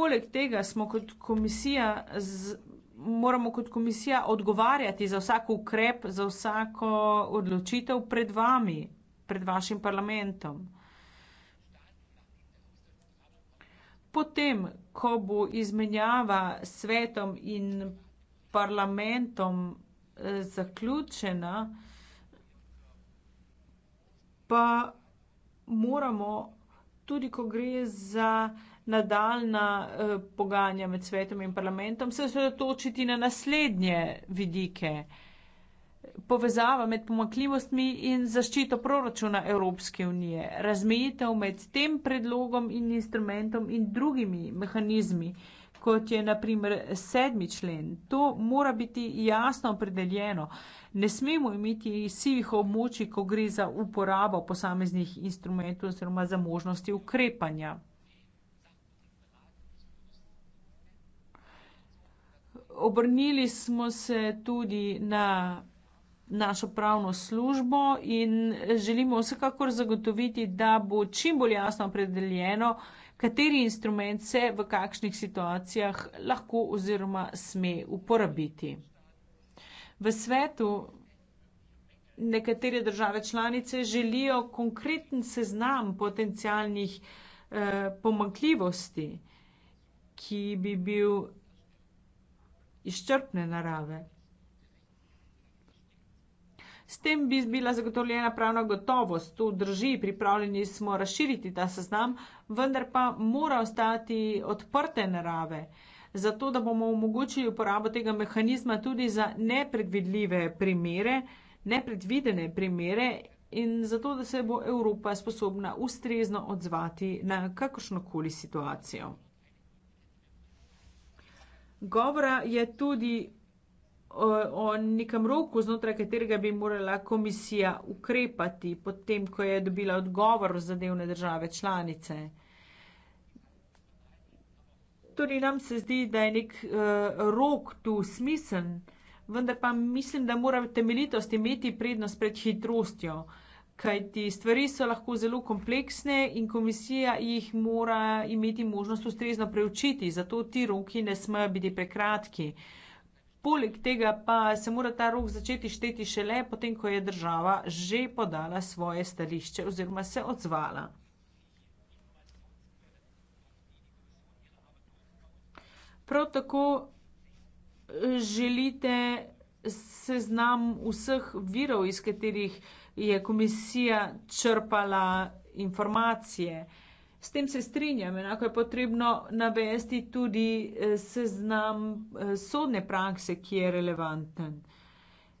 poleg tega smo kot komisija, z, moramo kot komisija odgovarjati za vsak ukrep, za vsako odločitev pred vami, pred vašim parlamentom. Potem, ko bo izmenjava s svetom in parlamentom eh, zaključena, pa moramo tudi, ko gre za eh, nadaljna eh, pogajanja med svetom in parlamentom se osredotočiti na naslednje vidike. Povezava med pomakljivostmi in zaščito proračuna Evropske unije, razmejitev med tem predlogom in instrumentom in drugimi mehanizmi, kot je naprimer sedmi člen, to mora biti jasno opredeljeno. Ne smemo imeti sivih območij, ko gre za uporabo posameznih instrumentov oziroma za možnosti ukrepanja. obrnili smo se tudi na našo pravno službo in želimo vsekakor zagotoviti, da bo čim bolj jasno opredeljeno, kateri instrument se v kakšnih situacijah lahko oziroma sme uporabiti. V svetu nekatere države članice želijo konkreten seznam potencialnih eh, pomankljivosti, ki bi bil izčrpne narave. S tem bi bila zagotovljena pravna gotovost, tu drži, pripravljeni smo razširiti ta seznam, vendar pa mora ostati odprte narave, zato da bomo omogočili uporabo tega mehanizma tudi za nepredvidljive primere, nepredvidene primere in zato, da se bo Evropa sposobna ustrezno odzvati na kakršnokoli situacijo. Govora je tudi o, o nekem roku, znotraj katerega bi morala komisija ukrepati, potem, ko je dobila odgovor v zadevne države članice. Tudi torej, nam se zdi, da je nek uh, rok tu smisen, vendar pa mislim, da mora temeljitost imeti prednost pred hitrostjo. Uh, kajti stvari so lahko zelo kompleksne in komisija jih mora imeti možnost ustrezno preučiti, zato ti roki ne smejo biti prekratki. Poleg tega pa se mora ta rok začeti šteti šele potem, ko je država že podala svoje stališče oziroma se odzvala. Prav tako eh, želite seznam vseh virov, iz katerih je komisija črpala informacije. S tem se strinjam, enako je potrebno navesti tudi eh, seznam eh, sodne prakse, ki je relevanten.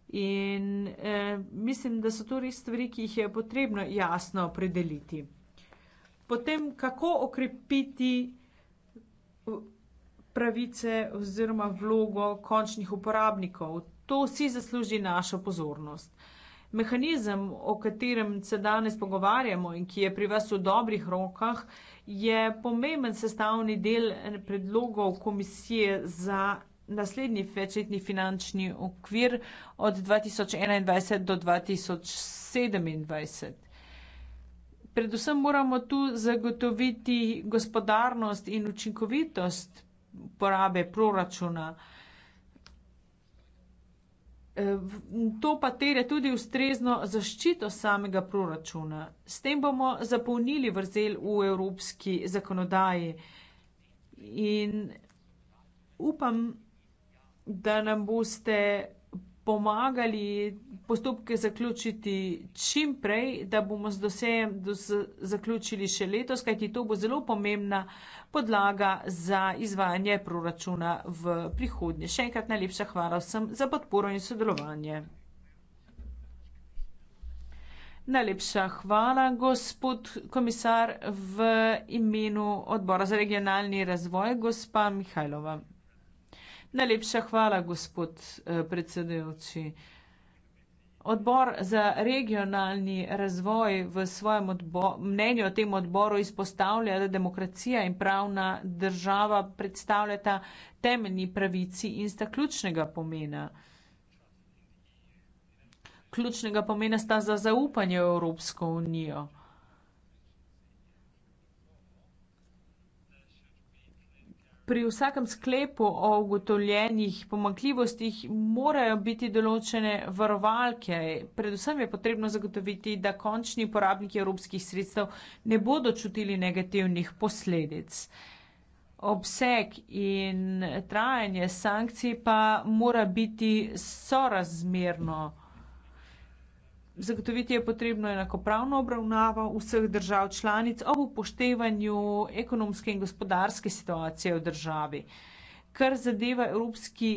In eh, mislim, da so to res stvari, ki jih je potrebno jasno opredeliti. Potem, kako okrepiti pravice oziroma vlogo končnih uporabnikov. To si zasluži našo pozornost. Mehanizem, o katerem se danes pogovarjamo in ki je pri vas v dobrih rokah, je pomemben sestavni del predlogov komisije za naslednji večletni finančni okvir od 2021 do 2027. Predvsem moramo tu zagotoviti gospodarnost in učinkovitost porabe proračuna. Eh, to pa tere tudi ustrezno zaščito samega proračuna. S tem bomo zapolnili vrzel v evropski zakonodaji in upam, da nam boste pomagali postopke zaključiti čim prej, da bomo z dosejem dos zaključili še letos, kajti to bo zelo pomembna podlaga za izvajanje proračuna v prihodnje. Še enkrat najlepša hvala vsem za podporo in sodelovanje. Najlepša hvala, gospod komisar, v imenu odbora za regionalni razvoj, gospa Mihajlova. Najlepša hvala, gospod eh, predsedujoči. Odbor za regionalni razvoj v svojem mnenju o tem odboru izpostavlja, da demokracija in pravna država predstavljata temeljni pravici in sta ključnega pomena. Ključnega pomena sta za zaupanje v Evropsko unijo. pri vsakem sklepu o ugotovljenih pomankljivostih morajo biti določene varovalke. Predvsem je potrebno zagotoviti, da končni uporabniki evropskih sredstev ne bodo čutili negativnih posledic. Obseg in trajanje sankcij pa mora biti sorazmerno. Zagotoviti je potrebno enakopravno obravnavo vseh držav članic ob upoštevanju ekonomske in gospodarske situacije v državi. Kar zadeva evropski,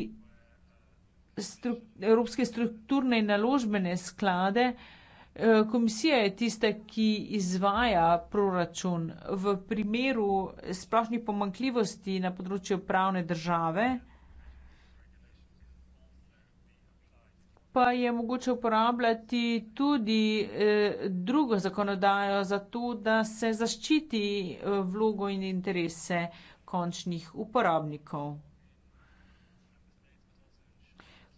stru, evropske strukturne in naložbene sklade, eh, komisija je tista, ki izvaja proračun v primeru splošnih pomankljivosti na področju pravne države. pa je mogoče uporabljati tudi eh, drugo zakonodajo za to, da se zaščiti eh, vlogo in interese končnih uporabnikov.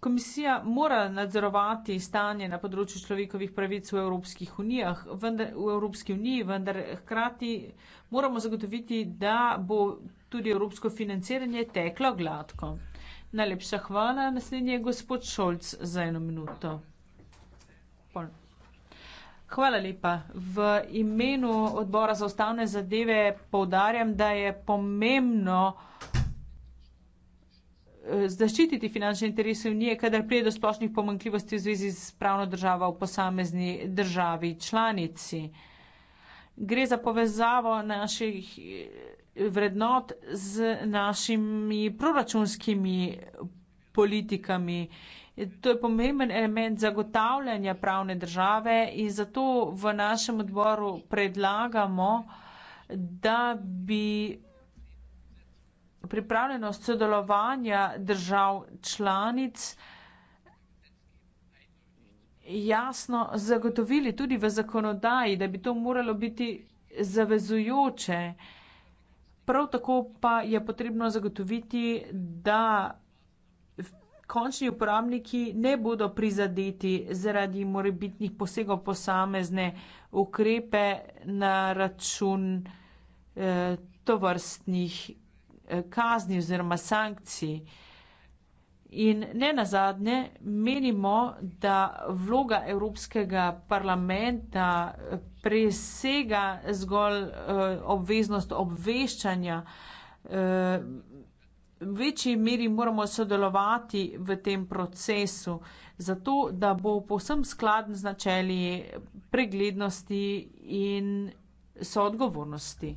Komisija mora nadzorovati stanje na področju človekovih pravic v, unijah, vendar, v Evropski uniji, vendar hkrati moramo zagotoviti, da bo tudi evropsko financiranje teklo gladko. Najlepša hvala. Naslednji je gospod Šolc za eno minuto. Pol. Hvala lepa. V imenu odbora za ustavne zadeve povdarjam, da je pomembno eh, zaščititi finančne interese Unije, kadar prije do splošnih pomankljivosti v zvezi s pravno državo v posamezni državi članici. Gre za povezavo naših vrednot z našimi proračunskimi politikami. To je pomemben element zagotavljanja pravne države in zato v našem odboru predlagamo, da bi pripravljenost sodelovanja držav članic jasno zagotovili tudi v zakonodaji, da bi to moralo biti zavezujoče. Prav tako pa je potrebno zagotoviti, da končni uporabniki ne bodo prizadeti zaradi morebitnih posegov posamezne ukrepe na račun eh, tovrstnih eh, kazni oziroma sankcij. Eh, In ne nazadnje menimo, da vloga Evropskega parlamenta presega zgolj eh, obveznost obveščanja. Eh, v večji meri moramo sodelovati v tem procesu, zato da bo povsem skladen z načeli preglednosti in soodgovornosti.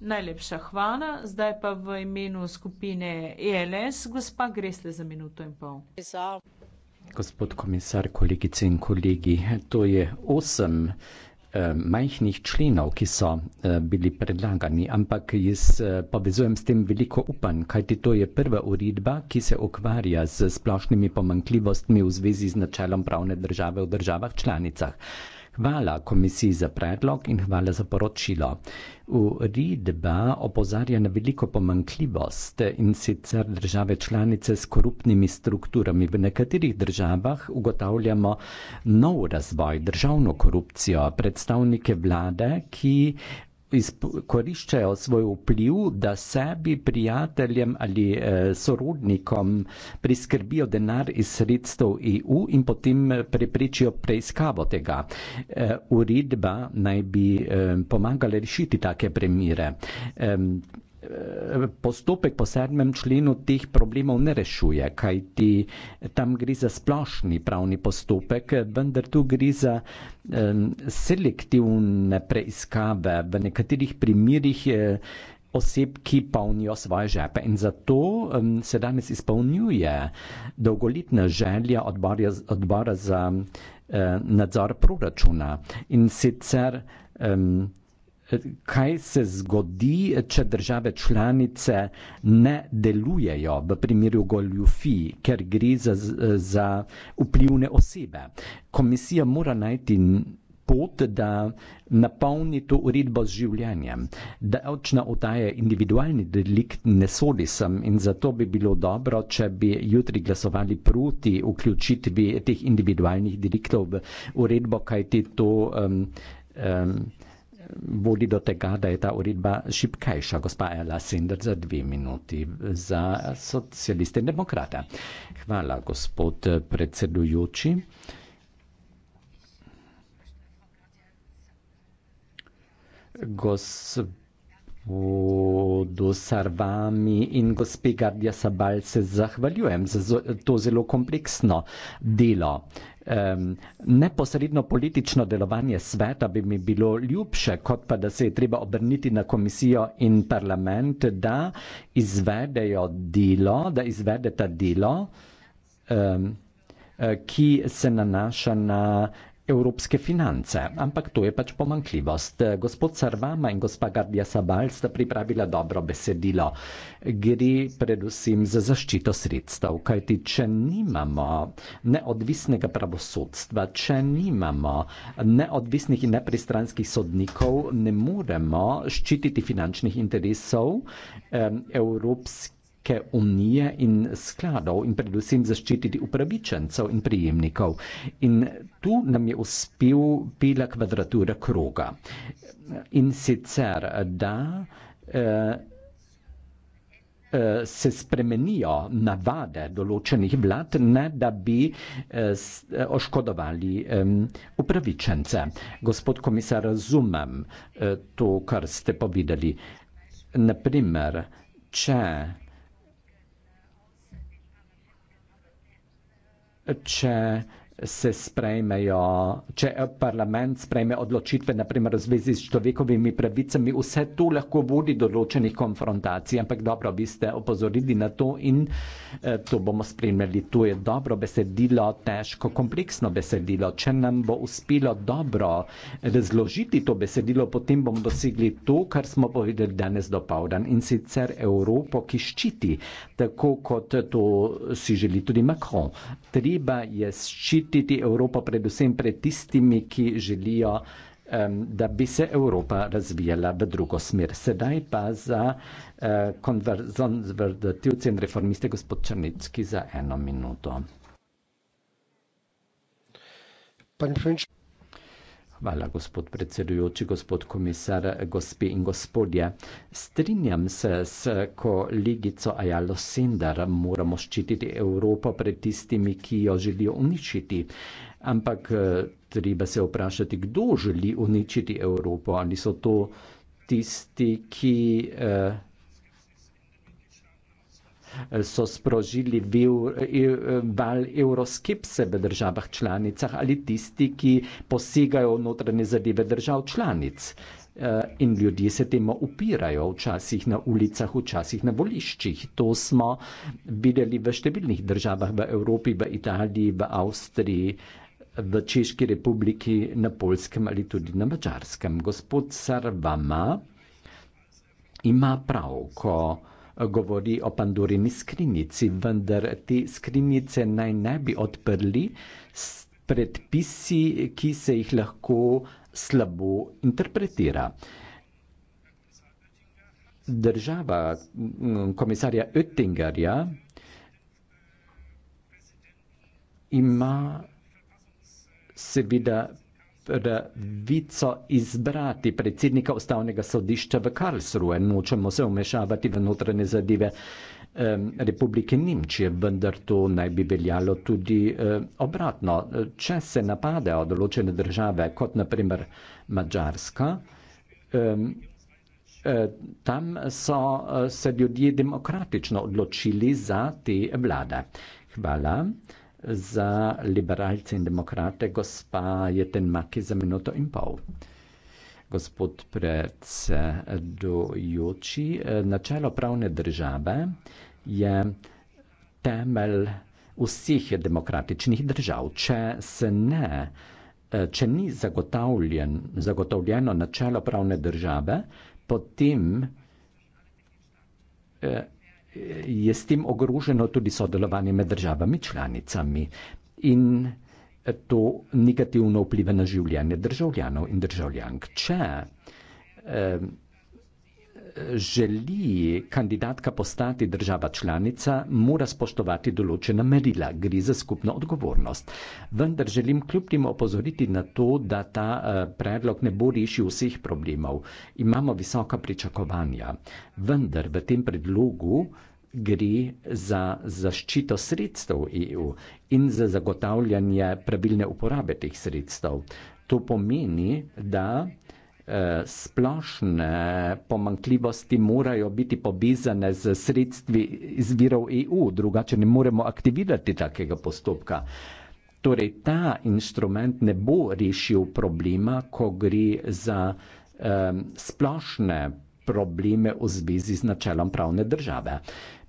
Najlepša hvala. Zdaj pa v imenu skupine ELS, gospa, greste za minuto in pol. Gospod komisar, kolegice in kolegi, to je osem eh, majhnih členov, ki so eh, bili predlagani, ampak jaz eh, povezujem s tem veliko upanj, kajti to je prva uredba, ki se ukvarja z splošnimi pomankljivostmi v zvezi z načelom pravne države v državah članicah. Hvala komisiji za predlog in hvala za poročilo. Uredba opozarja na veliko pomankljivost in sicer države članice s korupnimi strukturami. V nekaterih državah ugotavljamo nov razvoj, državno korupcijo, predstavnike vlade, ki izkoriščajo svoj vpliv, da sebi, prijateljem ali e, sorodnikom priskrbijo denar iz sredstev EU in potem eh, preprečijo preiskavo tega. E, uredba naj bi e, pomagala rešiti take premire. E, postopek po sedmem členu teh problemov ne rešuje, kajti tam gre za splošni pravni postopek, vendar tu gre za selektivne preiskave v nekaterih primerih eh, oseb, ki polnijo svoje žepe. In zato se danes izpolnjuje dolgoletna želja odbora, odbora za eh, nadzor proračuna. In sicer kaj se zgodi, če države članice ne delujejo v primeru goljufij, ker gre za, za vplivne osebe. Komisija mora najti pot, da napolni to uredbo z življenjem. Davčna odaja individualni delikt ne sodi sem in zato bi bilo dobro, če bi jutri glasovali proti vključitvi teh individualnih deliktov v uredbo, kajti to um, um, vodi do tega, da je ta uredba šipkejša, gospa Ela Sinder, za dve minuti za socialiste in demokrate. Hvala, gospod predsedujoči. Gospodu Sarvami in gospe Gardija Sabal se zahvaljujem za to zelo kompleksno delo um, neposredno politično delovanje sveta bi mi bilo ljubše, kot pa da se je treba obrniti na komisijo in parlament, da izvedejo delo, da izvedeta delo, um, ki se nanaša na evropske finance, ampak to je pač pomankljivost. Gospod Sarvama in gospa Gardija Sabal sta pripravila dobro besedilo. Gre predvsem za zaščito sredstev, kajti če nimamo neodvisnega pravosodstva, če nimamo neodvisnih in nepristranskih sodnikov, ne moremo ščititi finančnih interesov eh, evropskih Evropske unije in skladov in predvsem zaščititi upravičencev in prijemnikov. In tu nam je uspel pila kvadratura kroga. In sicer, da eh, eh, se spremenijo navade določenih vlad, ne da bi eh, oškodovali upravičence. Gospod komisar, razumem to, kar ste povedali. Naprimer, če če se sprejmejo, če parlament sprejme odločitve, naprimer v zvezi s človekovimi pravicami, vse to lahko vodi do določenih konfrontacij, ampak dobro, vi ste opozorili na to in eh, to bomo spremljali. To je dobro besedilo, težko, kompleksno besedilo. Če nam bo uspelo dobro razložiti to besedilo, potem bomo dosegli to, kar smo povedali danes do povdan in sicer Evropo, ki ščiti, tako kot to si želi tudi Macron. Treba je ščiti ščititi Evropo predvsem pred tistimi, ki želijo, um, da bi se Evropa razvijala v drugo smer. Sedaj pa za eh, konverzativce uh, in reformiste gospod Črnitski za eno minuto. Pani Frenč. Hvala, gospod predsedujoči, gospod komisar, gospe in gospodje. Strinjam se s kolegico Ajalo Sendar, moramo ščititi Evropo pred tistimi, ki jo želijo uničiti. Ampak eh, treba se vprašati, kdo želi uničiti Evropo. Ali so to tisti, ki. Eh, so sprožili bil, e, val euroskepse v državah članicah ali tisti, ki posegajo v notranje zadeve držav članic. E, in ljudje se temu upirajo, včasih na ulicah, včasih na voliščih. To smo videli v številnih državah v Evropi, v Italiji, v Avstriji, v Češki republiki, na Polskem ali tudi na Mačarskem. Gospod Sarvama ima prav, ko govori o pandurini skrinjici, vendar te skrinjice naj ne bi odprli s predpisi, ki se jih lahko slabo interpretira. Država mm, komisarja Oettingerja ima seveda pravico izbrati predsednika ustavnega sodišča v Karlsruhe. Nočemo se vmešavati v notranje zadeve um, Republike Nemčije, vendar to naj bi veljalo tudi um, obratno. Če se napadejo določene države, kot naprimer Mačarska, um, e, Tam so e, se ljudje demokratično odločili za te vlade. Hvala za liberalce in demokrate, gospa je ten maki za minuto in pol. Gospod predsedujoči, načelo pravne države je temelj vseh demokratičnih držav. Če se ne, če ni zagotovljen, zagotovljeno načelo pravne države, potem eh, je s tem ogroženo tudi sodelovanje med državami članicami in to negativno vpliva na življenje državljanov in državljank. Če eh, želi kandidatka postati država članica, mora spoštovati določena merila, gre za skupno odgovornost. Vendar želim kljub temu opozoriti na to, da ta eh, predlog ne bo rešil vseh problemov. Imamo visoka pričakovanja, vendar v tem predlogu gre za zaščito sredstev EU in za zagotavljanje pravilne uporabe teh sredstev. To pomeni, da Eh, splošne pomankljivosti morajo biti pobizane z sredstvi izvirov EU, drugače ne moremo aktivirati takega postopka. Torej, ta inštrument ne bo rešil problema, ko gre za um, splošne probleme v zvezi z načelom pravne države.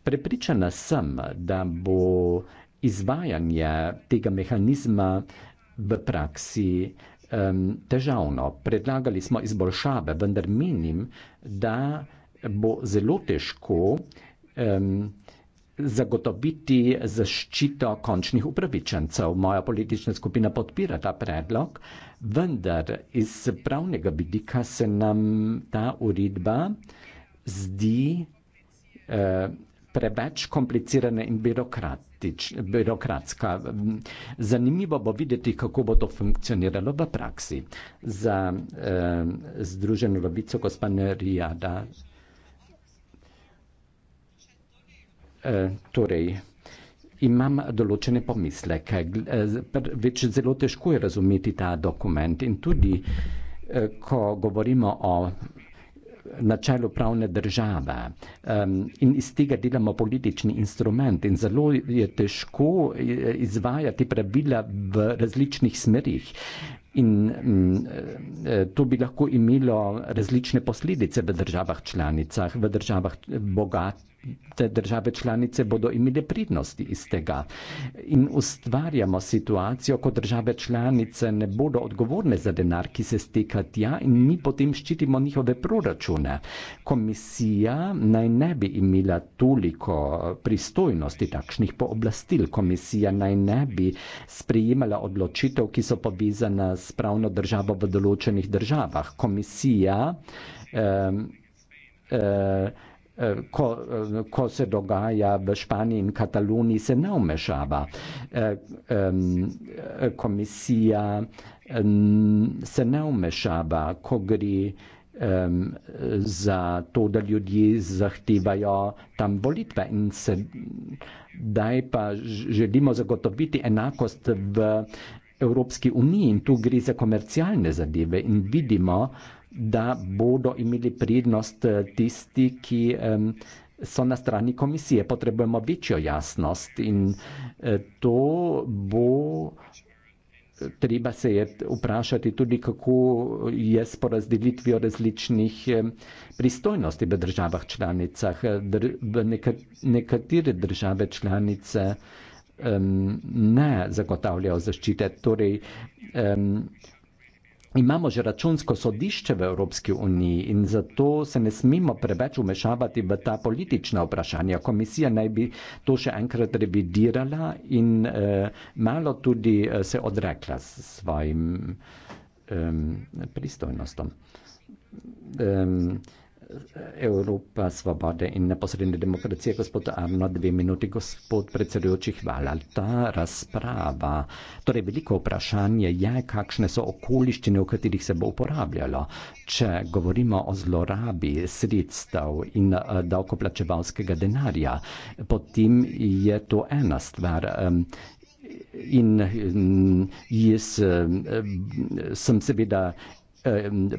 Prepričana sem, da bo izvajanje tega mehanizma v praksi um, težavno. Predlagali smo izboljšave, vendar menim, da bo zelo težko um, zagotoviti zaščito končnih upravičencev. Moja politična skupina podpira ta predlog, vendar iz pravnega vidika se nam ta uredba zdi uh, preveč komplicirana in birokratska. Zanimivo bo videti, kako bo to funkcioniralo v praksi. Za eh, Združeno lobico gospodina Rijada. Eh, torej, imam določene pomisleke. Več zelo težko je razumeti ta dokument in tudi, eh, ko govorimo o načelu pravne države um, in iz tega delamo politični instrument in zelo je težko eh, izvajati pravila v različnih smerih. In mm, eh, eh, to bi lahko imelo različne posledice v državah članicah, v državah bogat, te države članice bodo imele pridnosti iz tega. In ustvarjamo situacijo, ko države članice ne bodo odgovorne za denar, ki se steka tja in mi potem ščitimo njihove proračune. Komisija naj ne bi imela toliko eh, pristojnosti takšnih pooblastil. Komisija naj ne bi sprejemala odločitev, ki so povezane s pravno državo v določenih državah. Komisija eh, eh, Eh, ko, eh, ko se dogaja v Španiji in Kataluniji, se ne omešava. Eh, komisija se ne omešava, ko gre za to, da ljudje zahtevajo tam volitve in se daj pa želimo zagotoviti enakost v Evropski uniji in tu gre za komercialne zadeve in vidimo, da bodo imeli prednost eh, tisti, ki so na strani komisije. Potrebujemo večjo jasnost in eh, to bo. Eh, treba se je vprašati tudi, kako je s porazdelitvijo različnih pristojnosti v državah članicah. Dr v neka nekatere države članice um, ne zagotavljajo zaščite. Torej, um, Imamo že računsko sodišče v Evropski uniji in zato se ne smemo preveč umešavati v ta politična vprašanja. Komisija naj bi to še enkrat revidirala in eh, malo tudi eh, se odrekla s svojim eh, pristojnostom. Eh, Evropa svobode in neposredne demokracije, gospod Arno, dve minuti, gospod predsedujoči, hvala. Ta razprava, torej veliko vprašanje je, kakšne so okoliščine, v katerih se bo uporabljalo. Če govorimo o zlorabi sredstev in eh, davkoplačevalskega denarja, potem je to ena stvar. In jaz sem seveda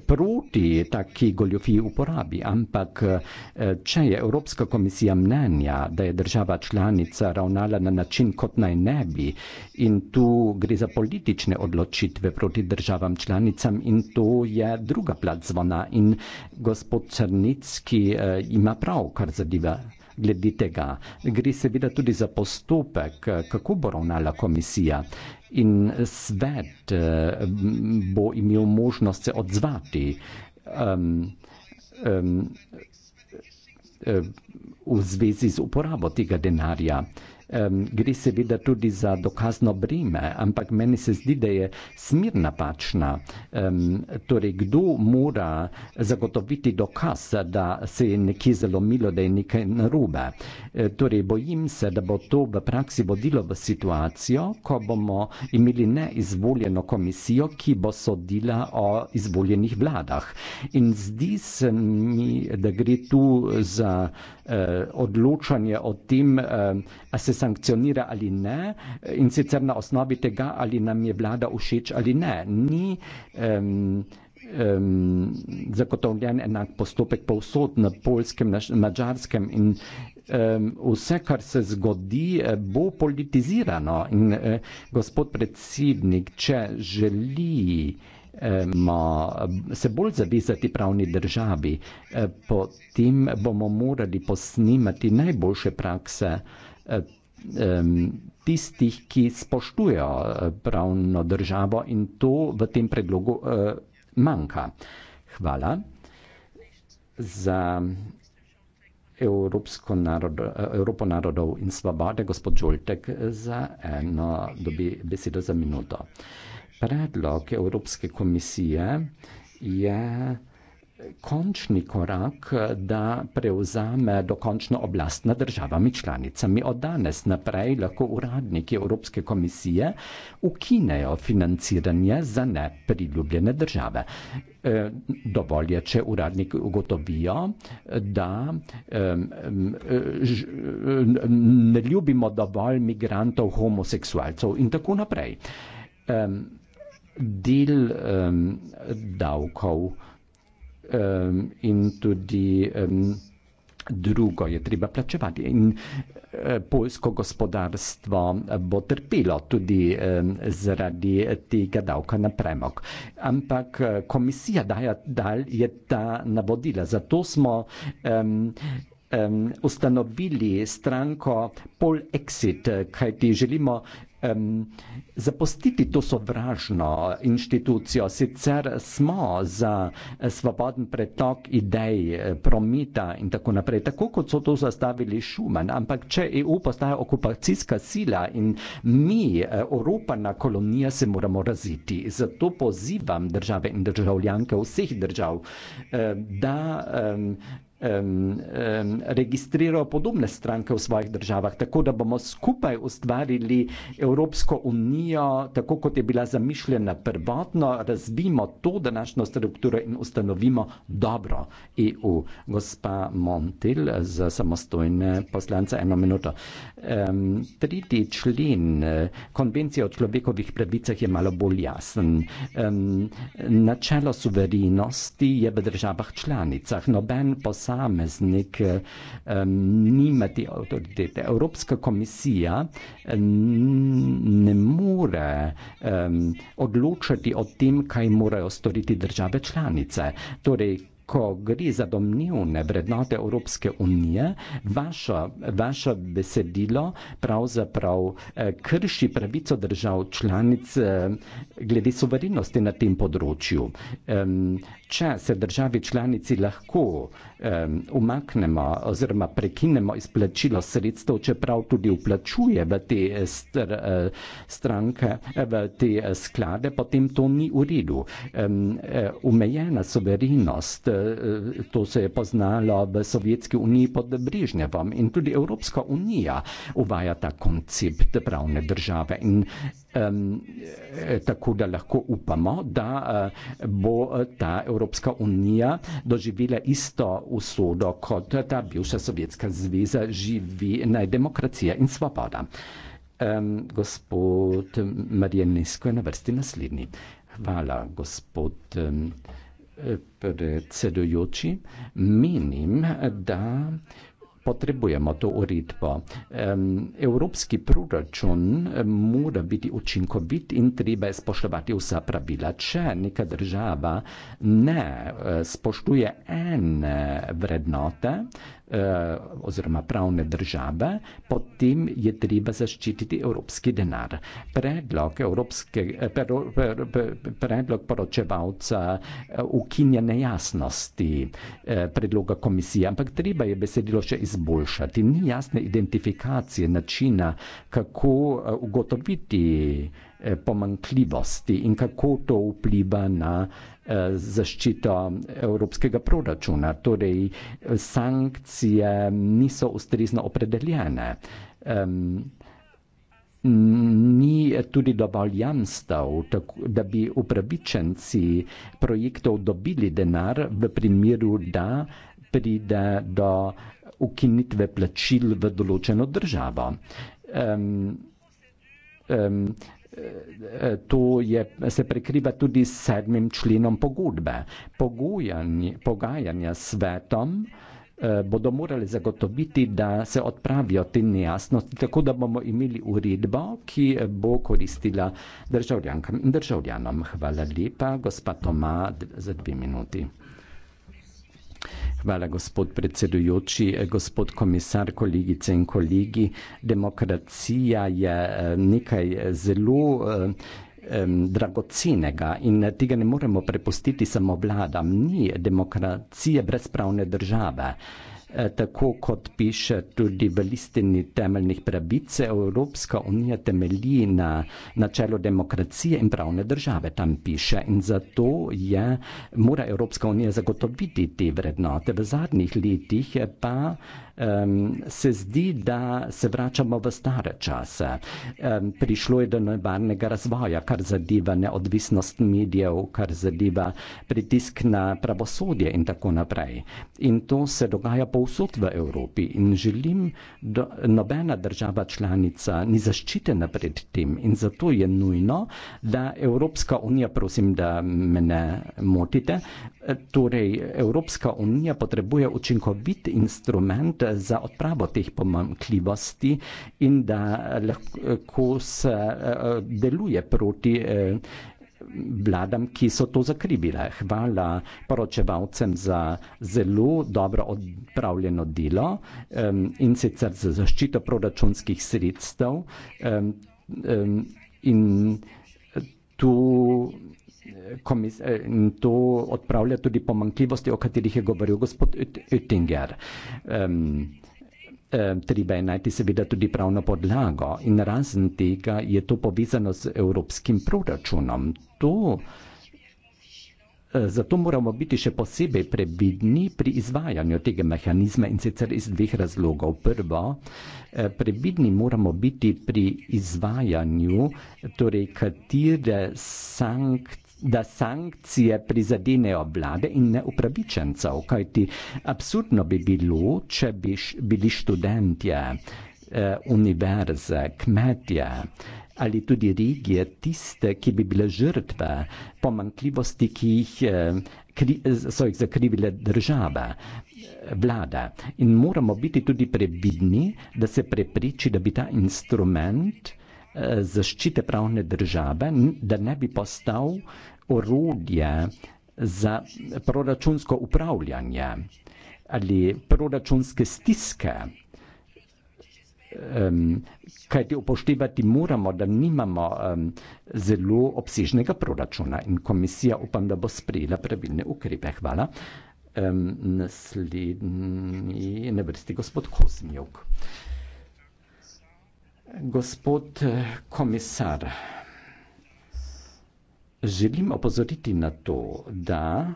proti taki goljofiji uporabi, ampak eh, če je Evropska komisija mnenja, da je država članica ravnala na način, kot naj ne bi, in tu gre za politične odločitve proti državam članicam in to je druga plat zvona in gospod Črnitski eh, ima prav, kar zadeva. Glede tega, gre seveda tudi za postopek, eh, kako bo ravnala komisija in svet uh, bo imel možnost se odzvati. Um, um, eh, v zvezi z uporabo tega denarja um, gre seveda tudi za dokazno breme, ampak meni se zdi, da je smer napačna. Um, torej, kdo mora zagotoviti dokaz, da se je nekje zlomilo, da je nekaj narobe. E, torej, bojim se, da bo to v praksi vodilo v situacijo, ko bomo imeli neizvoljeno komisijo, ki bo sodila o izvoljenih vladah. In zdi se mi, da gre tu za uh, odločanje o tem, uh, a se sankcionira ali ne, in sicer na osnovi tega, ali nam je vlada všeč ali ne. Ni um, um, zagotovljen enak postopek povsod na polskem, na mačarskem in um, vse, kar se zgodi, eh, bo politizirano. In uh, gospod predsednik, če želi. Se bolj zavezati pravni državi, eh, potem bomo morali posnemati najboljše prakse um, tistih, ki spoštujejo eh, pravno državo in to v tem predlogu uh, manjka. Hvala za Evropsko narodo, eh, Evropo narodov in svobode, gospod Žoltek, za eno dobi besedo za minuto. Predlog Evropske komisije je. Yeah končni korak, da prevzame dokončno oblast nad državami članicami. Od danes naprej lahko uradniki Evropske komisije ukinejo financiranje za nepriljubljene države. E, dovolj je, če uradniki ugotovijo, da ne ljubimo dovolj migrantov, homoseksualcev in tako naprej. Del davkov, um, in tudi um, drugo je treba plačevati. In uh, e, polsko gospodarstvo e, bo trpilo tudi um, zaradi tega davka na premog. Ampak e, komisija daje dal je ta navodila. Zato smo. Um, Um, ustanovili stranko Pol Exit, kajti želimo um, zapustiti to sovražno inštitucijo. Sicer smo za eh, svoboden pretok idej, eh, prometa in tako naprej, tako kot so to zastavili Šuman, ampak če EU postaja okupacijska sila in mi, Evropana eh, kolonija, se moramo raziti. Zato pozivam države in državljanke vseh držav, um, da um, um, um, registriral podobne stranke v svojih državah, tako da bomo skupaj ustvarili Evropsko unijo, tako kot je bila zamišljena prvotno, razvijmo to današnjo strukturo in ustanovimo dobro EU. Gospa Montil za samostojne poslance, eno minuto. Um, tretji člen eh, konvencije o človekovih pravicah je malo bolj jasen. Um, načelo suverenosti je v državah članicah. Noben posameznik posameznik eh, nima te avtoritete. Evropska komisija ne more odločati o tem, kaj morajo storiti države članice. Torej, Ko gre za domnevne vrednote Evropske unije, vaše, vaše besedilo pravzaprav eh, krši pravico držav članic eh, glede soverenosti na tem področju. Um, Če se državi članici lahko um, umaknemo oziroma prekinemo izplačilo sredstev, čeprav tudi uplačuje v te, str, eh, stranke, eh, v te eh, sklade, potem to ni v redu. Um, umejena soverenost, to se je poznalo v Sovjetski uniji pod Brižnevom in tudi Evropska unija uvaja ta koncept pravne države. In, Eh, tako da lahko upamo, da eh, bo eh, ta Evropska unija doživela isto usodo kot ta bivša Sovjetska zveza, živi naj demokracija in svoboda. Gospod Marjenisko je na vrsti naslednji. Hvala, gospod predsedujoči. Menim, da potrebujemo to uredbo. Evropski proračun mora biti učinkovit in treba je spoštovati vsa pravila. Če neka država ne eh, spoštuje ene vrednote, Eh, oziroma pravne države, potem je treba zaščititi evropski denar. Predlog, evropske, eh, per, per, per, predlog poročevalca eh, ukinja nejasnosti predloga komisije, ampak treba je besedilo še izboljšati. Ni jasne identifikacije načina, kako ugotoviti Eh, pomankljivosti in kako to vpliva na eh, zaščito evropskega proračuna. Torej, sankcije niso ustrezno opredeljene. Um, ni tudi dovolj jamstav, da bi upravičenci projektov dobili denar v primeru, da pride do ukinitve plačil v določeno državo. Um, um, Eh, to je, se prekriva tudi s sedmim členom pogodbe. Pogajanja s svetom eh, bodo morali zagotoviti, da se odpravijo te nejasnosti, tako da bomo imeli uredbo, ki bo koristila državljankam in državljanom. Hvala lepa, gospa Toma, za dve minuti. Hvala, gospod predsedujoči, gospod komisar, kolegice in kolegi. Demokracija je eh, nekaj eh, zelo eh, dragocenega in tega ne moremo prepustiti samo vladam. Ni demokracije brez pravne države. Eh, tako kot piše tudi v listini temeljnih pravic, Evropska unija temelji na načelu demokracije in pravne države, tam piše. In zato je, mora Evropska unija zagotoviti te vrednote. V zadnjih letih pa um, se zdi, da se vračamo v stare čase. Um, prišlo je do nevarnega razvoja, kar zadeva neodvisnost medijev, kar zadeva pritisk na pravosodje in tako naprej. In to se dogaja povsod v Evropi in želim, da nobena država članica ni zaščitena pred tem in zato je nujno, da Evropska unija, prosim, da me ne motite, torej Evropska unija potrebuje učinkovit instrument, za odpravo teh pomankljivosti in da lahko se eh, deluje proti eh, vladam, ki so to zakribile. Hvala poročevalcem za zelo dobro odpravljeno delo eh, in sicer za zaščito proračunskih sredstev in tu Eh, komis, eh, in to odpravlja tudi pomankljivosti, o katerih je govoril gospod Oettinger. Um, Treba je najti seveda tudi pravno podlago in razen tega je to povezano z evropskim proračunom. To, eh, zato moramo biti še posebej previdni pri izvajanju tega mehanizma in sicer iz dveh razlogov. Prvo, previdni moramo biti pri izvajanju, torej katere sankcije da sankcije prizadenejo vlade in ne upravičencev, kajti absurdno bi bilo, če bi bili študentje, eh, univerze, kmetje ali tudi regije tiste, ki bi bile žrtve pomankljivosti, ki jih eh, kri, so jih zakrivile države, eh, vlade. In moramo biti tudi previdni, da se prepriči, da bi ta instrument zaščite pravne države, da ne bi postal uh, orodje za proračunsko upravljanje ali proračunske stiske. Um, kaj ti upoštevati moramo, da nimamo um, zelo obsežnega proračuna in komisija upam, da bo sprejela pravilne ukrepe. Hvala. Um, naslednji je na vrsti gospod Kozmjuk. Gospod eh, komisar želim opozoriti na to, da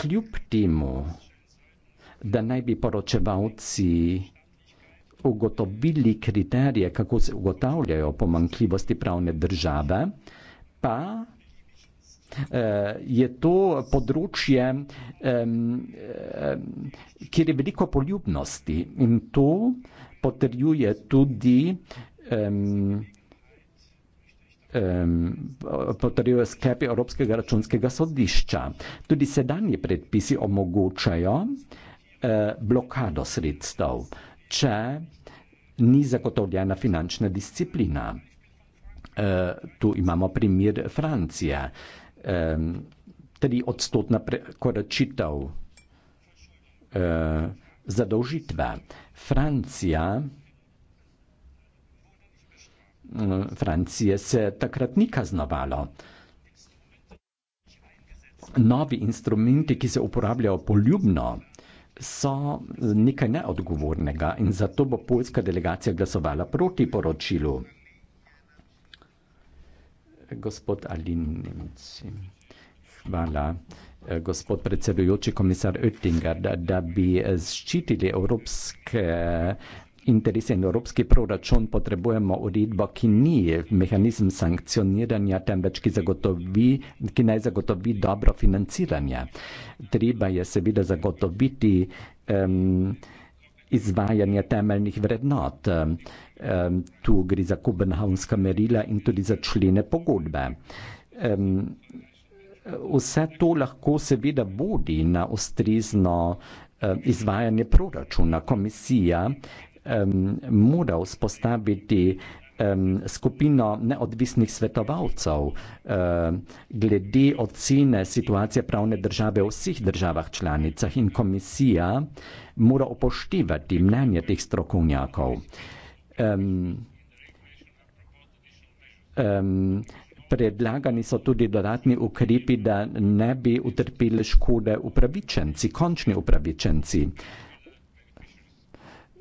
kljub temu, da naj bi poročevalci ugotovili kriterije, kako se ugotavljajo pomankljivosti pravne države, pa eh, je to področje, eh, kjer je veliko poljubnosti in to potrjuje tudi potrjuje sklep Evropskega računskega sodišča. Tudi sedanji predpisi omogočajo eh, blokado sredstev, če ni zagotovljena finančna disciplina. Eh, tu imamo primer Francije. Tri odstotna prekoračitev eh, zadolžitve. Francija Eh, Francije se takrat ni kaznovalo. Novi instrumenti, ki se uporabljajo poljubno, so nekaj neodgovornega in zato bo poljska delegacija glasovala proti poročilu. Gospod Alin Nemci. Hvala, gospod predsedujoči komisar Oettinger, da, da bi ščitili evropske eh, interes in evropski proračun potrebujemo uredbo, ki ni mehanizem sankcioniranja, temveč ki, zagotovi, ki naj zagotovi dobro financiranje. Treba je seveda zagotoviti um, izvajanje temeljnih vrednot. Um, tu gre za kubenhavnska merila in tudi za člene pogodbe. Um, vse to lahko seveda vodi na ustrezno izvajanje proračuna. Komisija um, moral spostaviti um, skupino neodvisnih svetovalcev um, glede ocene situacije pravne države v vseh državah članicah in komisija mora upoštevati mnenje teh strokovnjakov. Um, um, predlagani so tudi dodatni ukrepi, da ne bi utrpeli škode upravičenci, končni upravičenci.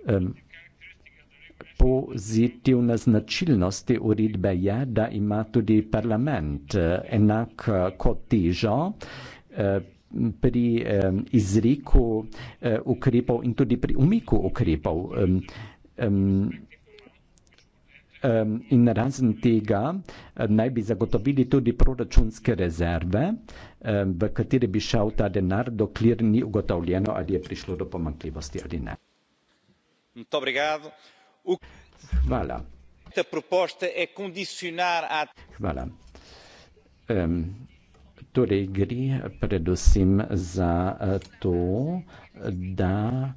Um, pozitivna značilnost te uredbe je, da ima tudi parlament eh, enak eh, kot težo eh, pri izreku ukrepov in tudi pri umiku ukrepov. In razen tega naj bi zagotovili tudi proračunske rezerve, v kateri bi šel ta denar, dokler ni ugotovljeno, ali je prišlo do pomankljivosti ali ne. Muito obrigado. Hvala. Hvala. Um, torej gre predvsem za eh, to, da uh,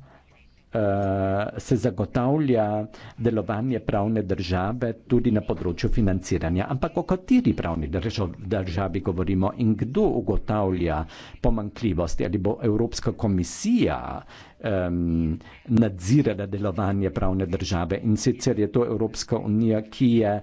se zagotavlja delovanje pravne države tudi na področju financiranja. Ampak o kateri pravni državi govorimo in kdo ugotavlja pomankljivosti? Ali bo Evropska komisija uh, um, nadzirala delovanje pravne države. In sicer je to Evropska unija, ki je eh,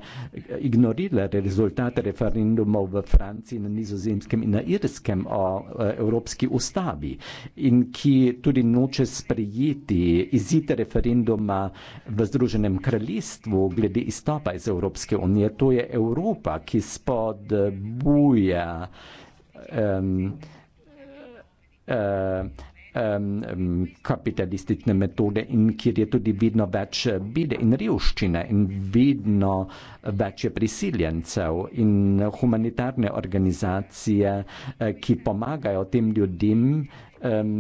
ignorirala rezultate referendumov v Franciji, na nizozemskem in na irskem o eh, Evropski ustavi in ki tudi noče sprejeti izite referenduma v Združenem kraljestvu glede izstopa iz Evropske unije. To je Evropa, ki spodbuja um, uh, um, um, kapitalistične metode in kjer je tudi vidno več eh, bide in revščine in vidno več je prisiljencev in humanitarne organizacije, eh, ki pomagajo tem ljudem. Um,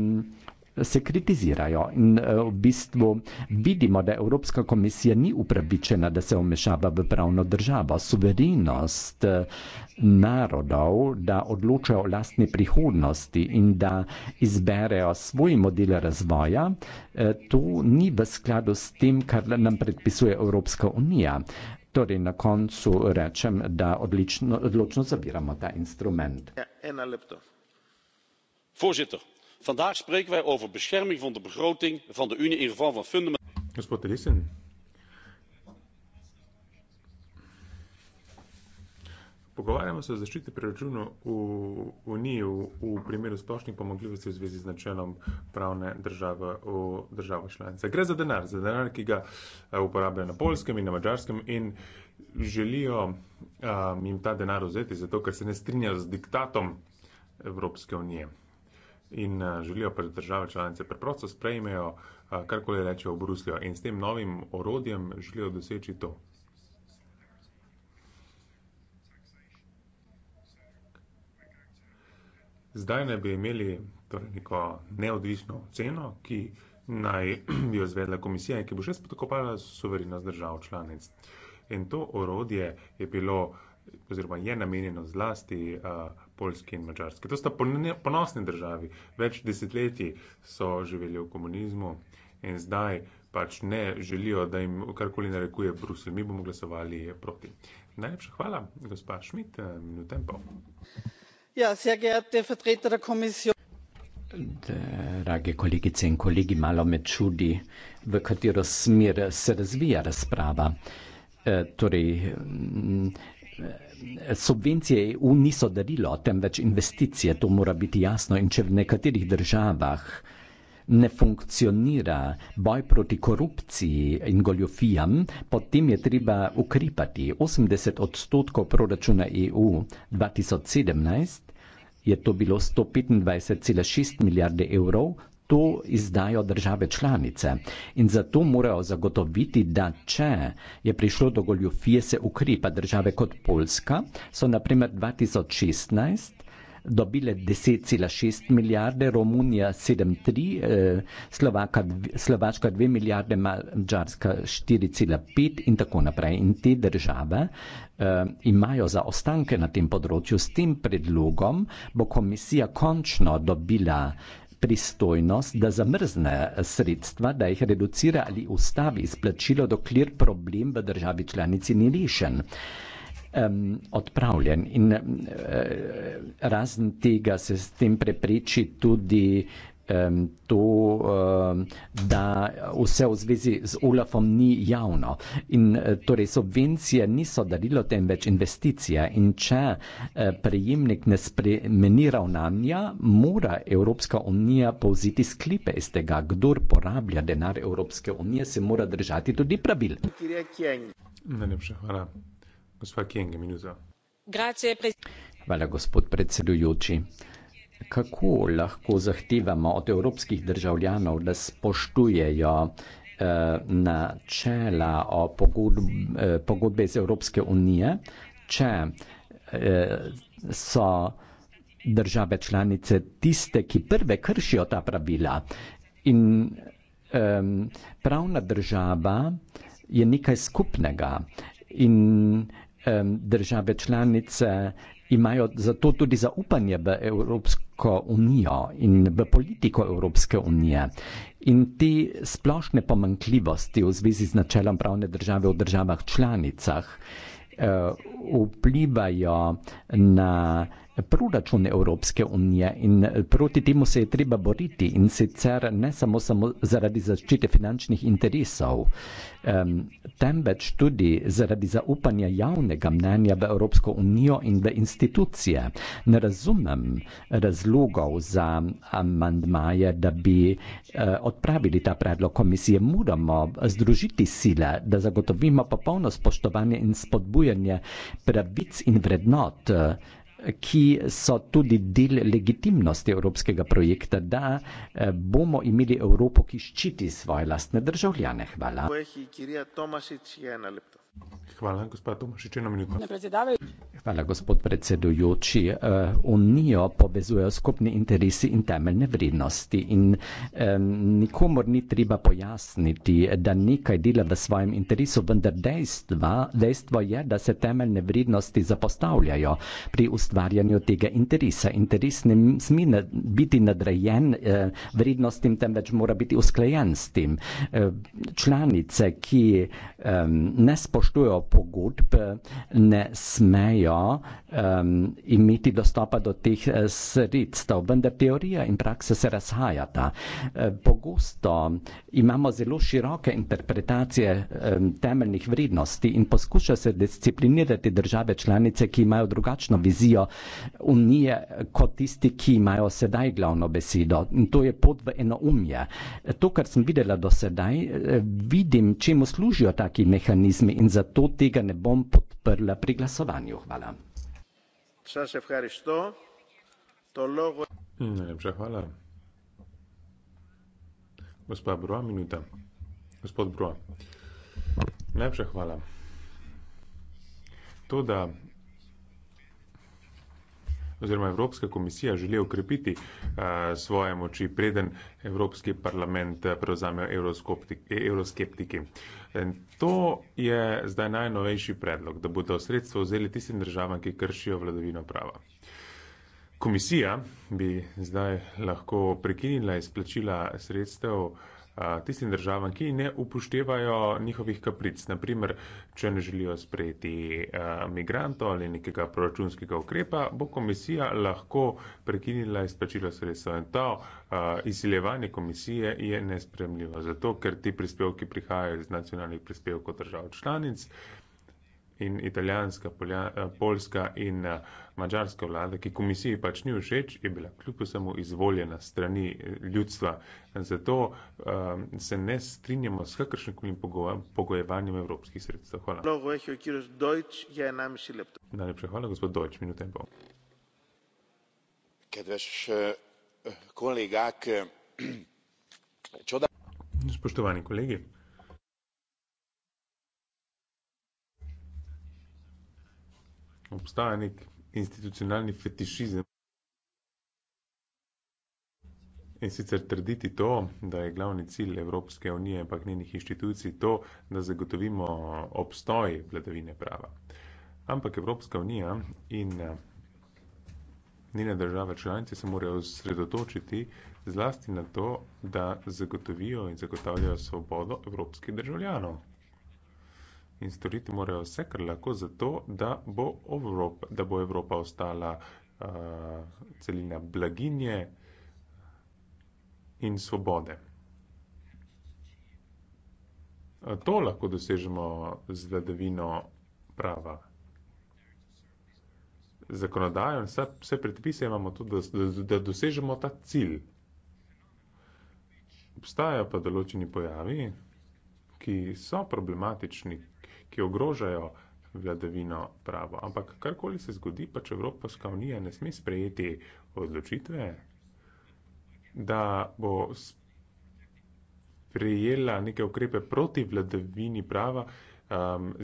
se kritizirajo in eh, v bistvu vidimo, da Evropska komisija ni upravičena, da se omešava v pravno državo. Suverenost eh, narodov, da odločajo o lastni prihodnosti in da izberejo svoj model razvoja, eh, to ni v skladu s tem, kar nam predpisuje Evropska unija. Torej, na koncu rečem, da odlično, odločno zabiramo ta instrument. Ja, vandaag spreken wij over bescherming van de begroting van de unie in geval van fundamentele. Pogovarjamo se o zaščiti preračunov v Uniji v, v primeru splošnih pomagljivosti v zvezi z načelom pravne države v državo članice. Gre za denar, za denar, ki ga eh, uporabljajo na polskem in na mačarskem in želijo um, jim ta denar vzeti, zato ker se ne strinjajo z diktatom Evropske unije in eh, želijo pač države članice preprosto sprejmejo, eh, karkoli rečejo v Bruslju in s tem novim orodjem želijo doseči to. Zdaj ne bi imeli torej neko neodvisno ceno, ki naj bi jo zvedla komisija in ki bo še spet okopala suverenost držav članic. In to orodje je bilo oziroma je namenjeno zlasti uh, polski in mačarski. To sta ponosni državi, več desetletij so živeli v komunizmu in zdaj pač ne želijo, da jim karkoli narekuje Bruselj. Mi bomo glasovali proti. Najlepša hvala, gospa Šmit, eh, minuto in pol. Ja, sehr geehrte Vertreter der Kommission. Drage kolegice in kolegi, malo me čudi, v katero smer se razvija razprava. E, torej, Eh, subvencije EU niso darilo, temveč investicije, to mora biti jasno. In če v nekaterih državah ne funkcionira boj proti korupciji in goljofijam, potem je treba ukrepati. 80 odstotkov proračuna EU 2017 je to bilo 125,6 milijarde evrov, to izdajo države članice in zato morajo zagotoviti, da če je prišlo do goljofije, se ukripa države kot Poljska, so naprimer 2016 dobile 10,6 milijarde, Romunija 7,3, Slovačka 2 milijarde, Mačarska 4,5 in tako naprej. In te države eh, imajo zaostanke na tem področju. S tem predlogom bo komisija končno dobila eh, pristojnost, da zamrzne sredstva, da jih reducira ali ustavi izplačilo, dokler problem v državi članici ni rešen. Um, odpravljen in uh, razen tega se s tem prepreči tudi uh, to, da vse v zvezi z ULAF-om ni javno. In e, torej subvencije niso darilo, temveč investicije. In če e, prejemnik ne spremeni ravnanja, mora Evropska unija povziti sklepe iz tega. Kdor porablja denar Evropske unije, se mora držati tudi pravil. Najlepša hvala. Gospa Kjeng, minuta. Hvala, gospod predsedujoči kako lahko zahtevamo od evropskih državljanov, da spoštujejo eh, načela o pogodb, eh, pogodbe z Evropske unije, če eh, so države članice tiste, ki prve kršijo ta pravila. In eh, pravna država je nekaj skupnega in eh, države članice imajo zato tudi zaupanje v Evropsko unijo in v politiko Evropske unije. In te splošne pomankljivosti v zvezi z načelom pravne države v državah članicah eh, vplivajo na proračun Evropske unije in eh, proti temu se je treba boriti in sicer ne samo, samo zaradi zaščite finančnih interesov, um, temveč tudi zaradi zaupanja javnega mnenja v Evropsko unijo in v institucije. Ne razumem razlogov za amandmaje, da bi uh, odpravili ta predlog komisije. Moramo združiti sile, da zagotovimo popolno spoštovanje in spodbujanje pravic in vrednot. Uh, ki so tudi del legitimnosti evropskega projekta, da eh, bomo imeli Evropo, ki ščiti svoje lastne državljane. Hvala. Hvala. Hvala, gospod Tomašič, na minuto. Hvala, gospod predsedujoči. Eh, unijo povezujejo skupni interesi in temeljne vrednosti. In nikomor ni treba pojasniti, da nekaj dela v svojem interesu, vendar dejstva, dejstvo je, da se temeljne vrednosti zapostavljajo pri ustvarjanju tega interesa. Interes ne sme biti nadrejen eh, vrednostim, temveč mora biti usklajen s tem. Eh, članice, ki ne spoštujejo, spoštujejo pogodb, ne smejo um, imeti dostopa do teh eh, sredstev. Vendar teorija in praksa se razhajata. Eh, pogosto imamo zelo široke interpretacije um, temeljnih vrednosti in poskuša se disciplinirati države članice, ki imajo drugačno vizijo unije kot tisti, ki imajo sedaj glavno besedo. In to je pot v enoumje. To, kar sem videla do sedaj, eh, vidim, čemu služijo taki mehanizmi in zato tega ne bom podprla pri glasovanju. Hvala. Najlepša hvala. Gospa Broa, minuta. Gospod Broa, najlepša hvala. To, da oziroma Evropska komisija želi okrepiti uh, svoje moči, preden Evropski parlament prevzame e-, evroskeptiki. Uh, In to je zdaj najnovejši predlog, da bodo sredstvo vzeli tistim državam, ki kršijo vladavino prava. Komisija bi zdaj lahko prekinila izplačila sredstev uh, tistim državam, ki ne upoštevajo njihovih kapric. Naprimer, če ne želijo sprejeti migrantov ali nekega proračunskega ukrepa, bo komisija lahko prekinila izplačilo sredstva. In to izsiljevanje komisije je nespremljivo, zato ker ti prispevki prihajajo iz nacionalnih prispevkov držav članic in italijanska, polja, eh, polska in eh, mačarska vlada, ki komisiji pač ni všeč, je bila kljub vsemu izvoljena strani eh, ljudstva. Zato um, se ne strinjamo s kakršnekoli pogojevanjem evropskih sredstev. Hvala. Najlepša hvala, gospod Deutsch, minuta in pol. Spoštovani kolegi. obstaja nek institucionalni fetišizem. In sicer trditi to, da je glavni cilj Evropske unije, ampak njenih inštitucij, to, da zagotovimo obstoj vladavine prava. Ampak Evropska unija in eh, njene države članice se morajo osredotočiti zlasti na to, da zagotovijo in zagotavljajo svobodo evropskih državljanov in storiti morajo vse, kar lahko, zato da bo Evropa, da bo Evropa ostala uh, celina blaginje in svobode. Eh, to lahko dosežemo z vladavino prava. Zakonodajo in vse, vse predpise imamo tudi, da, da, da dosežemo ta cilj. Obstajajo pa določeni pojavi, ki so problematični, ki ogrožajo vladavino prava. Ampak karkoli se zgodi, pač Evropska unija ne sme sprejeti odločitve, da bo sprejela neke ukrepe proti vladavini prava um,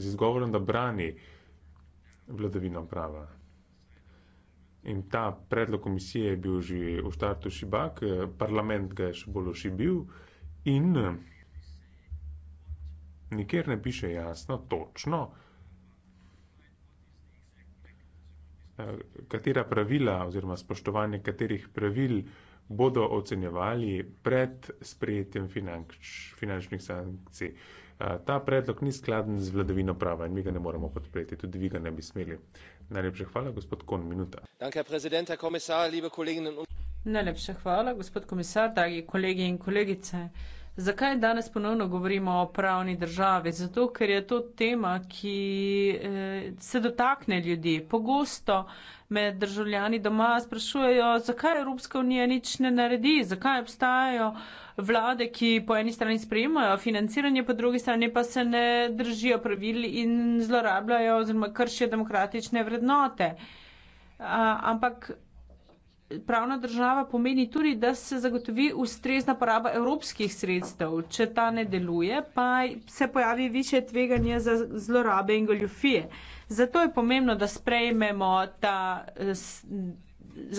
z izgovorom, da brani vladavino prava. In ta predlog komisije je bil že v štartu šibak, eh, parlament ga je še bolj ošibil in nikjer ne piše jasno, točno, eh, katera pravila oziroma spoštovanje katerih pravil bodo ocenjevali pred sprejetjem finanč, finančnih sankcij. Eh, ta predlog ni skladen z vladavino prava in mi ga ne moremo podpreti, tudi vi ga ne bi smeli. Najlepša hvala, gospod Kon, minuta. Najlepša hvala, gospod komisar, dragi kolegi in kolegice. Zakaj danes ponovno govorimo o pravni državi? Zato, ker je to tema, ki eh, se dotakne ljudi. Pogosto me državljani doma sprašujejo, zakaj Evropska unija nič ne naredi, zakaj obstajajo vlade, ki po eni strani sprejemajo financiranje, po drugi strani pa se ne držijo pravil in zlorabljajo oziroma kršijo demokratične vrednote. A, ampak pravna država pomeni tudi, da se zagotovi ustrezna poraba evropskih sredstev. Če ta ne deluje, pa se pojavi više tveganje za zlorabe in goljufije. Zato je pomembno, da sprejmemo ta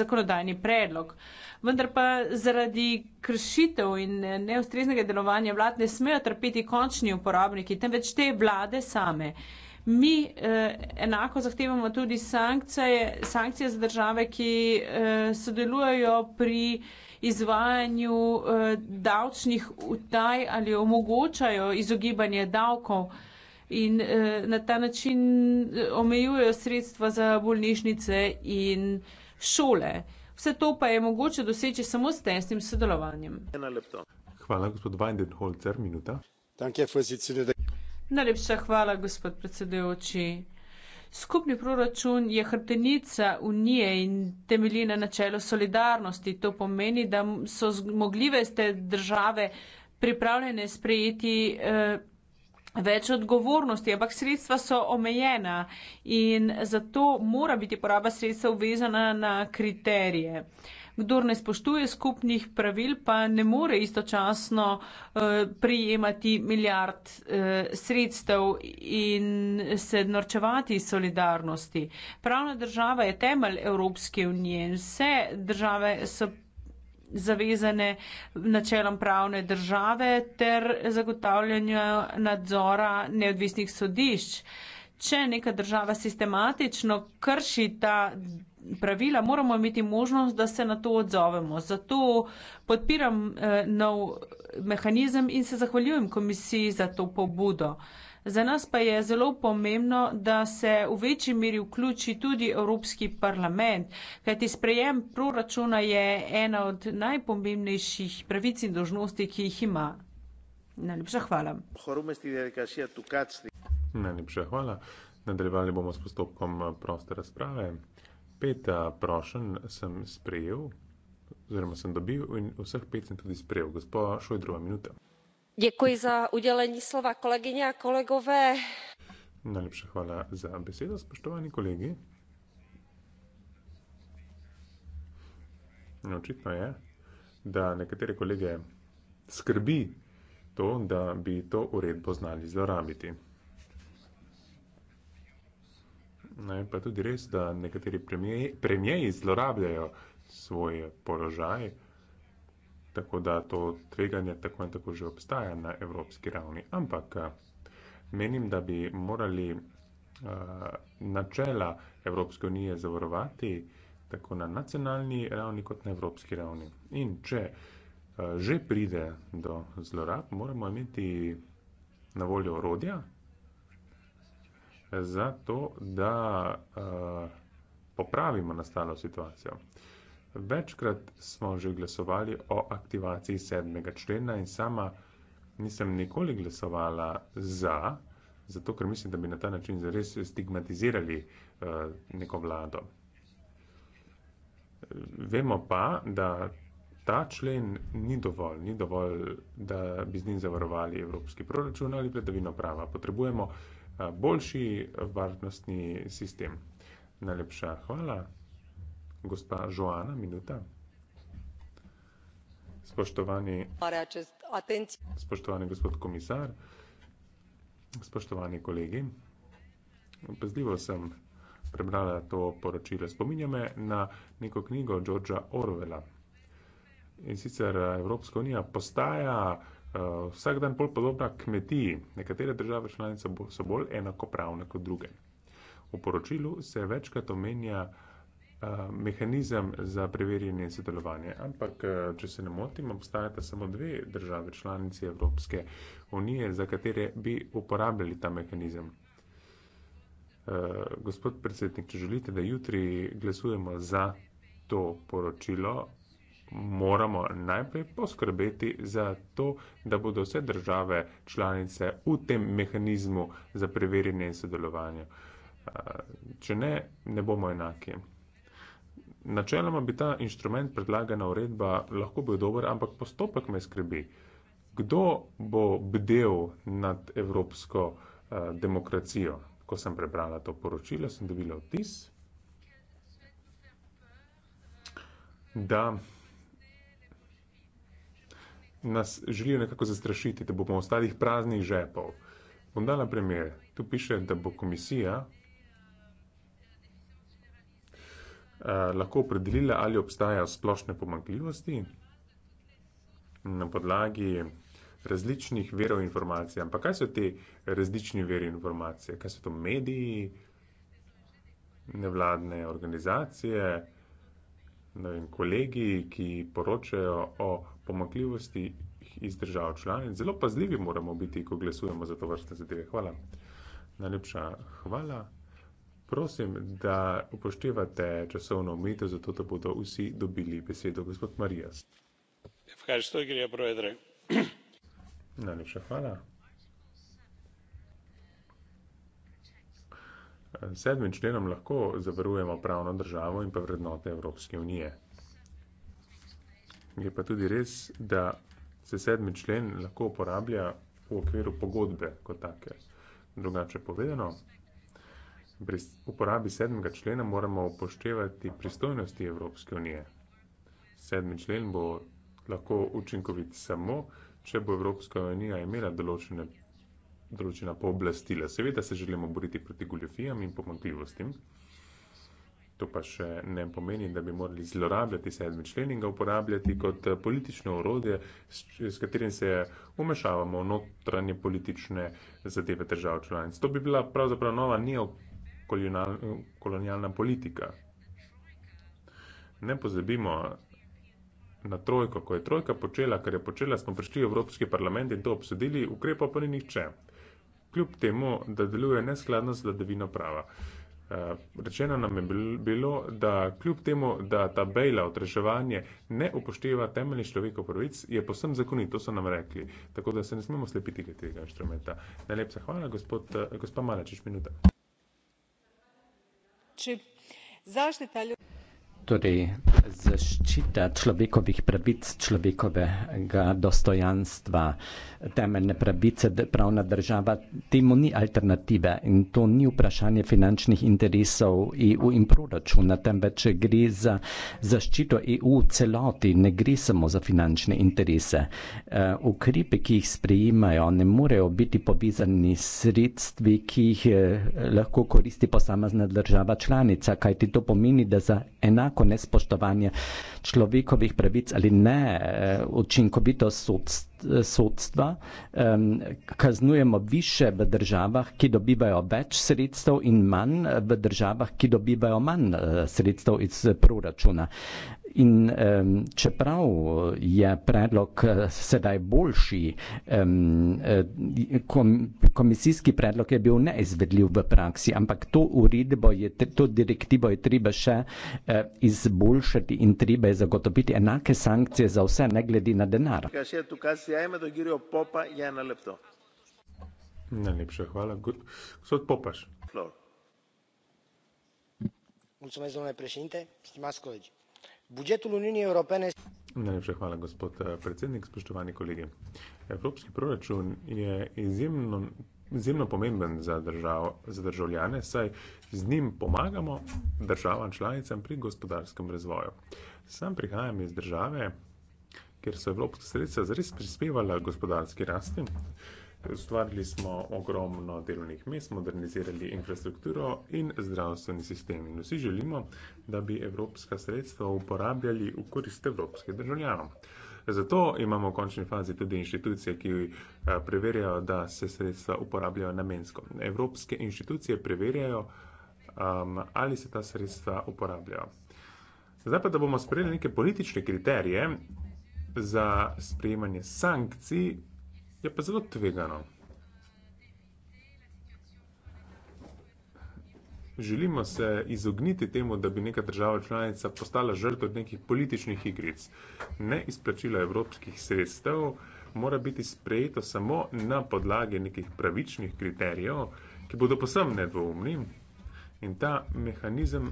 zakonodajni predlog. Vendar pa zaradi kršitev in neustreznega delovanja vlad ne smejo trpeti končni uporabniki, temveč te vlade same. Uh, Mi eh, enako zahtevamo tudi sankcije, sankcije za države, ki eh, sodelujejo pri izvajanju eh, davčnih utaj ali omogočajo izogibanje davkov in eh, na ta način eh, omejujejo sredstva za bolnišnice in šole. Vse to pa je mogoče doseči samo s tesnim sodelovanjem. Hvala, gospod Weindenholzer, minuta. Danke, Najlepša hvala, gospod predsedujoči. Skupni proračun je hrbtenica unije in temelji na načelu solidarnosti. To pomeni, da so zmogljive ste države pripravljene sprejeti eh, več odgovornosti, ampak sredstva so omejena in zato mora biti poraba sredstva uvezana na kriterije. Eh, Kdor ne spoštuje skupnih pravil, pa ne more istočasno eh, prijemati milijard eh, sredstev in se norčevati iz solidarnosti. Pravna država je temelj Evropske unije in vse države so zavezane načelom pravne države ter zagotavljanju nadzora neodvisnih sodišč. Če neka država sistematično krši ta pravila, moramo imeti možnost, da se na to odzovemo. Zato podpiram eh, nov mehanizem in se zahvaljujem komisiji za to pobudo. Za nas pa je zelo pomembno, da se v večji meri vključi tudi Evropski parlament, kajti sprejem proračuna je ena od najpomembnejših pravic in dožnosti, ki jih ima. Najlepša hvala. Najlepša hvala. Nadaljevali bomo s postopkom proste razprave pet uh, prošen sem sprejel, oziroma sem dobil in vseh pet sem tudi sprejel. Gospod Šojdrova, minuta. Děkuji za udělení slova kolegyně a kolegové. Najlepša hvala za besedo, spoštovani kolegi. No, očitno je, da nekatere kolege skrbi to, da bi to uredbo znali zlorabiti. Ne, no pa tudi res, da nekateri premijeji zlorabljajo svoje položaje, tako da to tveganje tako in tako že obstaja na evropski ravni. Ampak eh, menim, da bi morali uh, načela Evropske unije zavarovati tako na nacionalni ravni kot na evropski ravni. In če uh, že pride do zlorab, moramo imeti na voljo orodja, za to, da eh, popravimo nastalo situacijo. Večkrat smo že glasovali o aktivaciji sedmega člena in sama nisem nikoli glasovala za, zato ker mislim, da bi na ta način zares stigmatizirali eh, neko vlado. Vemo pa, da ta člen ni dovolj, ni dovolj, da bi z njim zavarovali evropski proračun ali predavino prava. Potrebujemo boljši varnostni sistem. Najlepša hvala, gospa Joana, minuta. Spoštovani, spoštovani gospod komisar, spoštovani kolegi. Pazljivo sem prebrala to poročilo. Spominja me na neko knjigo Georgea Orwella. In sicer Evropska unija postaja uh, vsak dan bolj podobna kmetiji. Nekatere države članice so bolj enakopravne kot druge. V poročilu se večkrat omenja uh, mehanizem za preverjanje in sodelovanje, ampak, eh, če se ne motim, obstajata samo dve države članice Evropske unije, za katere bi uporabljali ta mehanizem. Uh, gospod predsednik, če želite, da jutri glasujemo za to poročilo, moramo najprej poskrbeti za to, da bodo vse države članice v tem mehanizmu za preverjanje in sodelovanje. Če ne, ne bomo enaki. Načeloma bi ta inštrument predlagana uredba lahko bil dober, ampak postopek me skrbi. Kdo bo bdel nad evropsko uh, demokracijo? Ko sem prebrala to poročilo, sem dobila vtis, da nas želijo nekako zastrašiti, da bomo ostali praznih žepov. Bom dala primer. Tu piše, da bo komisija eh, lahko predelila, ali obstajajo splošne pomankljivosti na podlagi različnih verov informacij. Ampak kaj so te različni veri informacije? Kaj so to mediji, nevladne organizacije? vem, kolegi, ki poročajo o pomakljivosti iz držav članic. Zelo pazljivi moramo biti, ko glasujemo za to vrste zadeve. Hvala. Najlepša hvala. Prosim, da upoštevate časovno omejitev, zato da bodo vsi dobili besedo. Gospod Marijas. Najlepša hvala. sedmim členom lahko zavarujemo pravno državo in pa vrednote Evropske unije. Je pa tudi res, da se sedmi člen lahko uporablja v okviru pogodbe kot take. Drugače povedano, pri uporabi sedmega člena moramo upoštevati pristojnosti Evropske unije. Sedmi člen bo lahko učinkovit samo, če bo Evropska unija imela določene določena pooblastila. Seveda se želimo boriti proti goljofijam in pomotljivostim. To pa še ne pomeni, da bi morali zlorabljati sedmi člen in ga uporabljati kot eh, politično urodje, s katerim se umešavamo v notranje politične zadeve držav članic. To bi bila pravzaprav nova neokolonialna politika. Ne pozabimo na trojko. Ko je trojka počela, kar je počela, smo prišli v Evropski parlament in to obsodili, ukrepa pa ni nihče kljub temu, da deluje neskladno z vladavino prava. Eh, rečeno nam je bilo, da kljub temu, da ta bejla odreževanje ne upošteva temeljnih človekov pravic, je posem zakonito, so nam rekli. Tako da se ne smemo slepiti glede tega inštrumenta. Najlepša hvala, gospod, eh, gospa Malačič, minuta. Če zaštita ljudi torej zaščita človekovih pravic, človekovega dostojanstva, temeljne pravice, pravna država, temu ni alternative in to ni vprašanje finančnih interesov EU in proračuna, temveč gre za zaščito EU celoti, ne gre samo za finančne interese. Eh, Ukrepe, ki jih sprejemajo, ne morejo biti povezani s sredstvi, ki jih eh, lahko koristi posamezna država članica, kajti to pomeni, da za enako nekako nespoštovanje človekovih pravic ali ne eh, učinkovitost sodstva, kaznujemo više v državah, ki dobivajo več sredstev in manj v državah, ki dobivajo manj eh, sredstev iz eh, proračuna. In um, čeprav je predlog eh, sedaj boljši, um, kom, komisijski predlog je bil neizvedljiv v praksi, ampak to uredbo, je, to direktivo je treba še uh, izboljšati in treba je zagotoviti enake sankcije za vse, ne glede na denar. Najlepša hvala. Gospod Popaš. Mulțumesc, domnule președinte, stimați colegi. Budžetul Unije Evropene. Najlepša hvala, gospod eh, predsednik. Spoštovani kolegi. Evropski proračun je izjemno, izjemno pomemben za, držav, za državljane, saj z njim pomagamo državam članicam pri gospodarskem razvoju. Sam prihajam iz države, kjer so evropske sredstva zres prispevala gospodarski rasti ustvarili smo ogromno delovnih mest, modernizirali infrastrukturo in zdravstveni sistem. In vsi želimo, da bi evropska sredstva uporabljali v korist evropskih državljanov. Zato imamo v končni fazi tudi inštitucije, ki eh, preverjajo, da se sredstva uporabljajo namensko. Evropske inštitucije preverjajo, um, ali se ta sredstva uporabljajo. Zdaj pa, da bomo sprejeli neke politične kriterije za sprejemanje sankcij Je pa zelo tvegano. Želimo se izogniti temu, da bi neka država članica postala žrtev nekih političnih igric. Ne izplačila evropskih sredstev mora biti sprejeto samo na podlagi nekih pravičnih kriterijev, ki bodo posebno nedvoumni in ta mehanizem.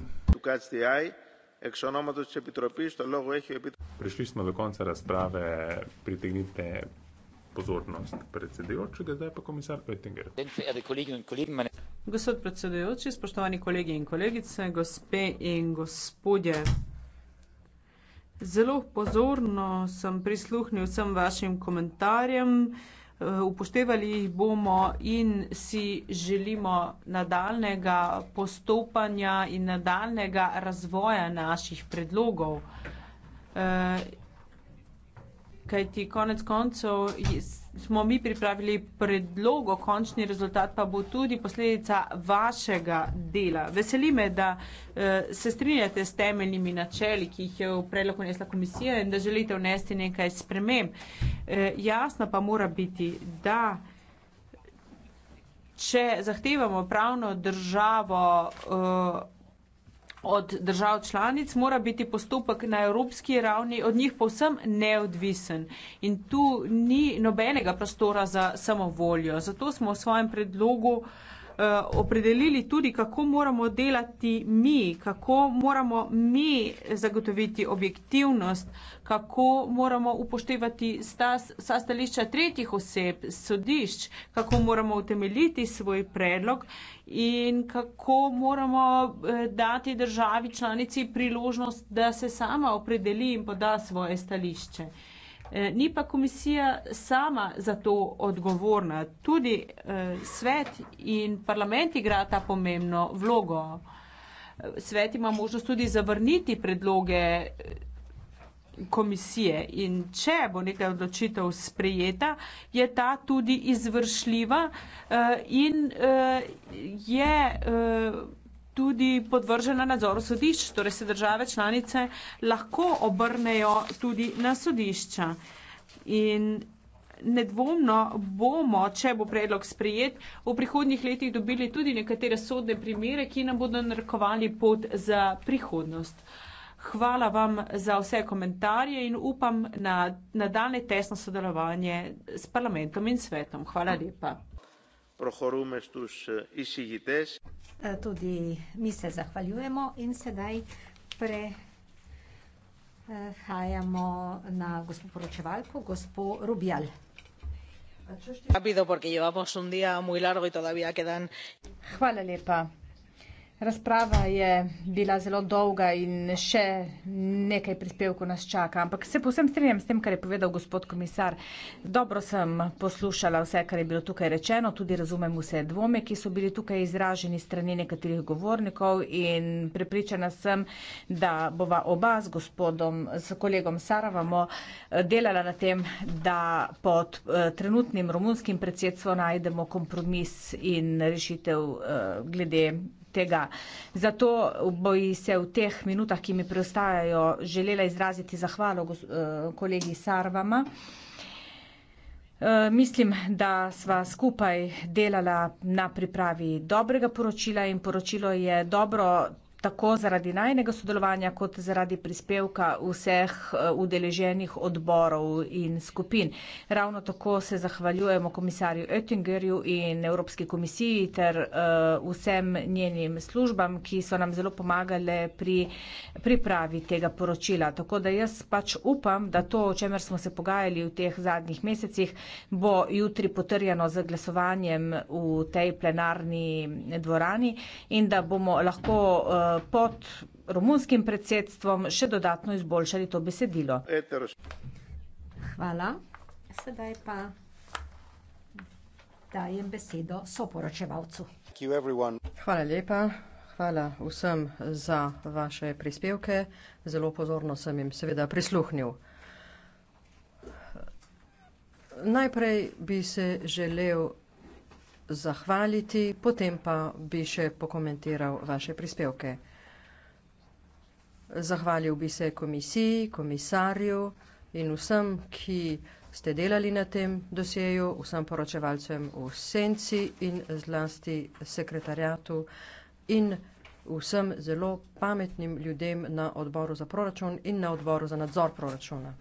Prišli smo do konca razprave, pritegnite pozornost predsedujočega, zdaj pa komisar Oettinger. Gospod predsedujoči, spoštovani kolegi in kolegice, gospe in gospodje. Zelo pozorno sem prisluhnil vsem vašim komentarjem, upoštevali jih bomo in si želimo nadaljnega postopanja in nadaljnega razvoja naših predlogov kajti konec koncev smo mi pripravili predlogo, končni rezultat pa bo tudi posledica vašega dela. Veseli me, da eh, se strinjate s temeljnimi načeli, ki jih je v predlog unesla komisija in da želite vnesti nekaj sprememb. Eh, jasno pa mora biti, da če zahtevamo pravno državo, eh, od držav članic, mora biti postopek na evropski ravni od njih povsem neodvisen. In tu ni nobenega prostora za samovoljo. Zato smo v svojem predlogu uh, Eh, opredelili tudi, kako moramo delati mi, kako moramo mi zagotoviti objektivnost, kako moramo upoštevati sta stališča tretjih oseb, sodišč, kako moramo utemeljiti svoj predlog in kako moramo eh, dati državi članici priložnost, da se sama opredeli in poda svoje stališče. Eh, ni pa komisija sama za to odgovorna. Tudi eh, svet in parlament igra ta pomembno vlogo. Eh, svet ima možnost tudi zavrniti predloge komisije in če bo neka odločitev sprejeta, je ta tudi izvršljiva in je tudi podvržena nadzoru sodišč, torej se države članice lahko obrnejo tudi na sodišča. In nedvomno bomo, če bo predlog sprejet, v prihodnjih letih dobili tudi nekatere sodne primere, ki nam bodo narekovali pot za prihodnost. Hvala vam za vse komentarje in upam na nadaljne tesno sodelovanje s parlamentom in svetom. Hvala lepa prohorume štuš išigites. Tudi mi se zahvaljujemo in sedaj pre hajamo na gospod poročevalko, gospod Rubjal. Rápido, porque llevamos un día muy largo y todavía quedan. Hvala lepa. Razprava je bila zelo dolga in še nekaj prispevkov nas čaka, ampak se povsem strinjam s tem, kar je povedal gospod komisar. Dobro sem poslušala vse, kar je bilo tukaj rečeno, tudi razumem vse dvome, ki so bili tukaj izraženi strani nekaterih govornikov in prepričana sem, da bova oba s gospodom, s kolegom Saravamo eh, delala na tem, da pod eh, trenutnim romunskim predsedstvom najdemo kompromis in rešitev eh, glede tega. Zato boji se v teh minutah, ki mi preostajajo, želela izraziti zahvalo eh, kolegi Sarvama. Eh, mislim, da sva skupaj delala na pripravi dobrega poročila in poročilo je dobro tako zaradi najnega sodelovanja kot zaradi prispevka vseh eh, udeleženih odborov in skupin. Ravno tako se zahvaljujemo komisarju Oettingerju in Evropski komisiji ter eh, vsem njenim službam, ki so nam zelo pomagale pri pripravi tega poročila. Tako da jaz pač upam, da to, o čemer smo se pogajali v teh zadnjih mesecih, bo jutri potrjeno z glasovanjem v tej plenarni dvorani in da bomo lahko eh, pod romunskim predsedstvom še dodatno izboljšali to besedilo. Hvala. Sedaj pa dajem besedo soporočevalcu. Hvala lepa. Hvala vsem za vaše prispevke. Zelo pozorno sem jim seveda prisluhnil. Najprej bi se želel zahvaliti, potem pa bi še pokomentiral vaše prispevke. Zahvalil bi se komisiji, komisarju in vsem, ki ste delali na tem dosjeju, vsem poročevalcem v senci in zlasti sekretarjatu in vsem zelo pametnim ljudem na odboru za proračun in na odboru za nadzor proračuna.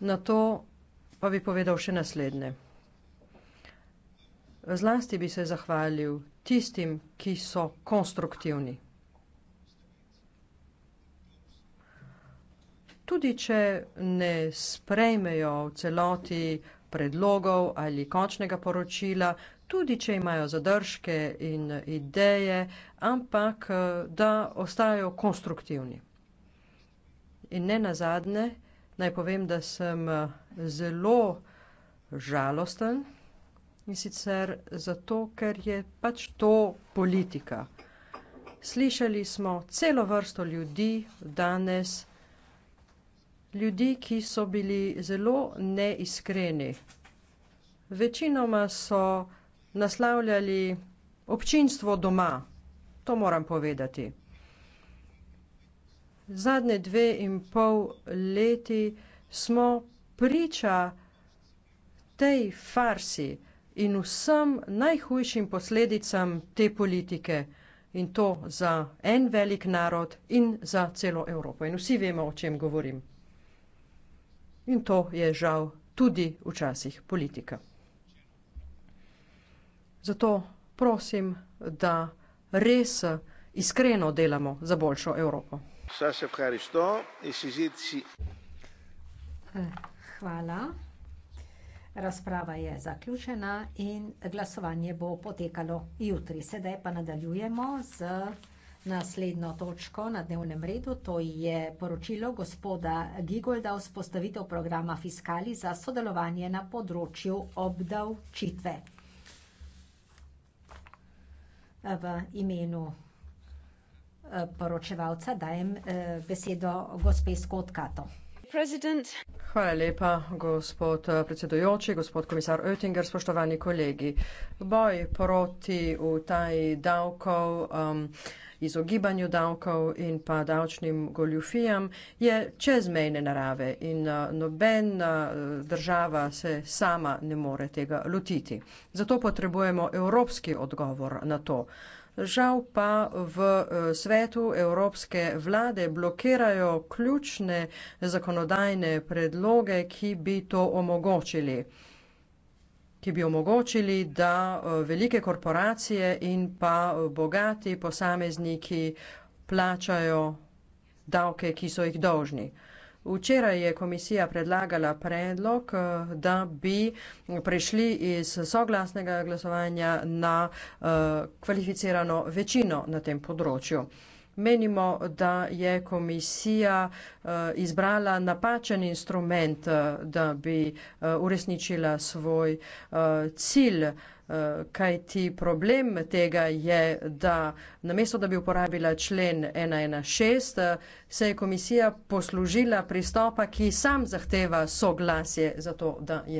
Na to pa bi povedal še naslednje. Zlasti bi se zahvalil tistim, ki so konstruktivni. Tudi, če ne sprejmejo v celoti predlogov ali končnega poročila, tudi, če imajo zadržke in ideje, ampak da ostajajo konstruktivni. In ne nazadnje, Naj povem, da sem eh, zelo žalosten in sicer zato, ker je pač to politika. Slišali smo celo vrsto ljudi danes, ljudi, ki so bili zelo neiskreni. Večinoma so naslavljali občinstvo doma, to moram povedati. Zadnje dve in pol leti smo priča tej farsi in vsem najhujšim posledicam te politike. In to za en velik narod in za celo Evropo. In vsi vemo, o čem govorim. In to je žal tudi včasih politika. Zato prosim, da res iskreno delamo za boljšo Evropo. Σας ευχαριστώ. Η συζήτηση... Χαλά. Razprava je zaključena in glasovanje bo potekalo jutri. Sedaj pa nadaljujemo z naslednjo točko na dnevnem redu. To je poročilo gospoda Gigolda o spostavitev programa Fiskali za sodelovanje na področju obdavčitve. V imenu poročevalca dajem, eh, besedo gospe Skotkato. Hvala lepa, gospod eh, predsedujoči, gospod komisar Oettinger, spoštovani kolegi. Boj proti utaji davkov, um, izogibanju davkov in pa davčnim goljufijam je čezmejne narave in eh, nobena država se sama ne more tega lotiti. Zato potrebujemo evropski odgovor na to žal pa v eh, svetu evropske vlade blokirajo ključne zakonodajne predloge, ki bi to omogočili ki bi omogočili, da eh, velike korporacije in pa bogati posamezniki plačajo davke, ki so jih dolžni. Včeraj je komisija predlagala predlog, eh, da bi prišli iz soglasnega glasovanja na eh, kvalificirano večino na tem področju. Menimo, da je komisija eh, izbrala napačen instrument, da bi uresničila svoj cilj. Kaj ti problem tega je, da namesto, da bi uporabila člen 116, se je komisija poslužila pristopa, ki sam zahteva soglasje za to, da je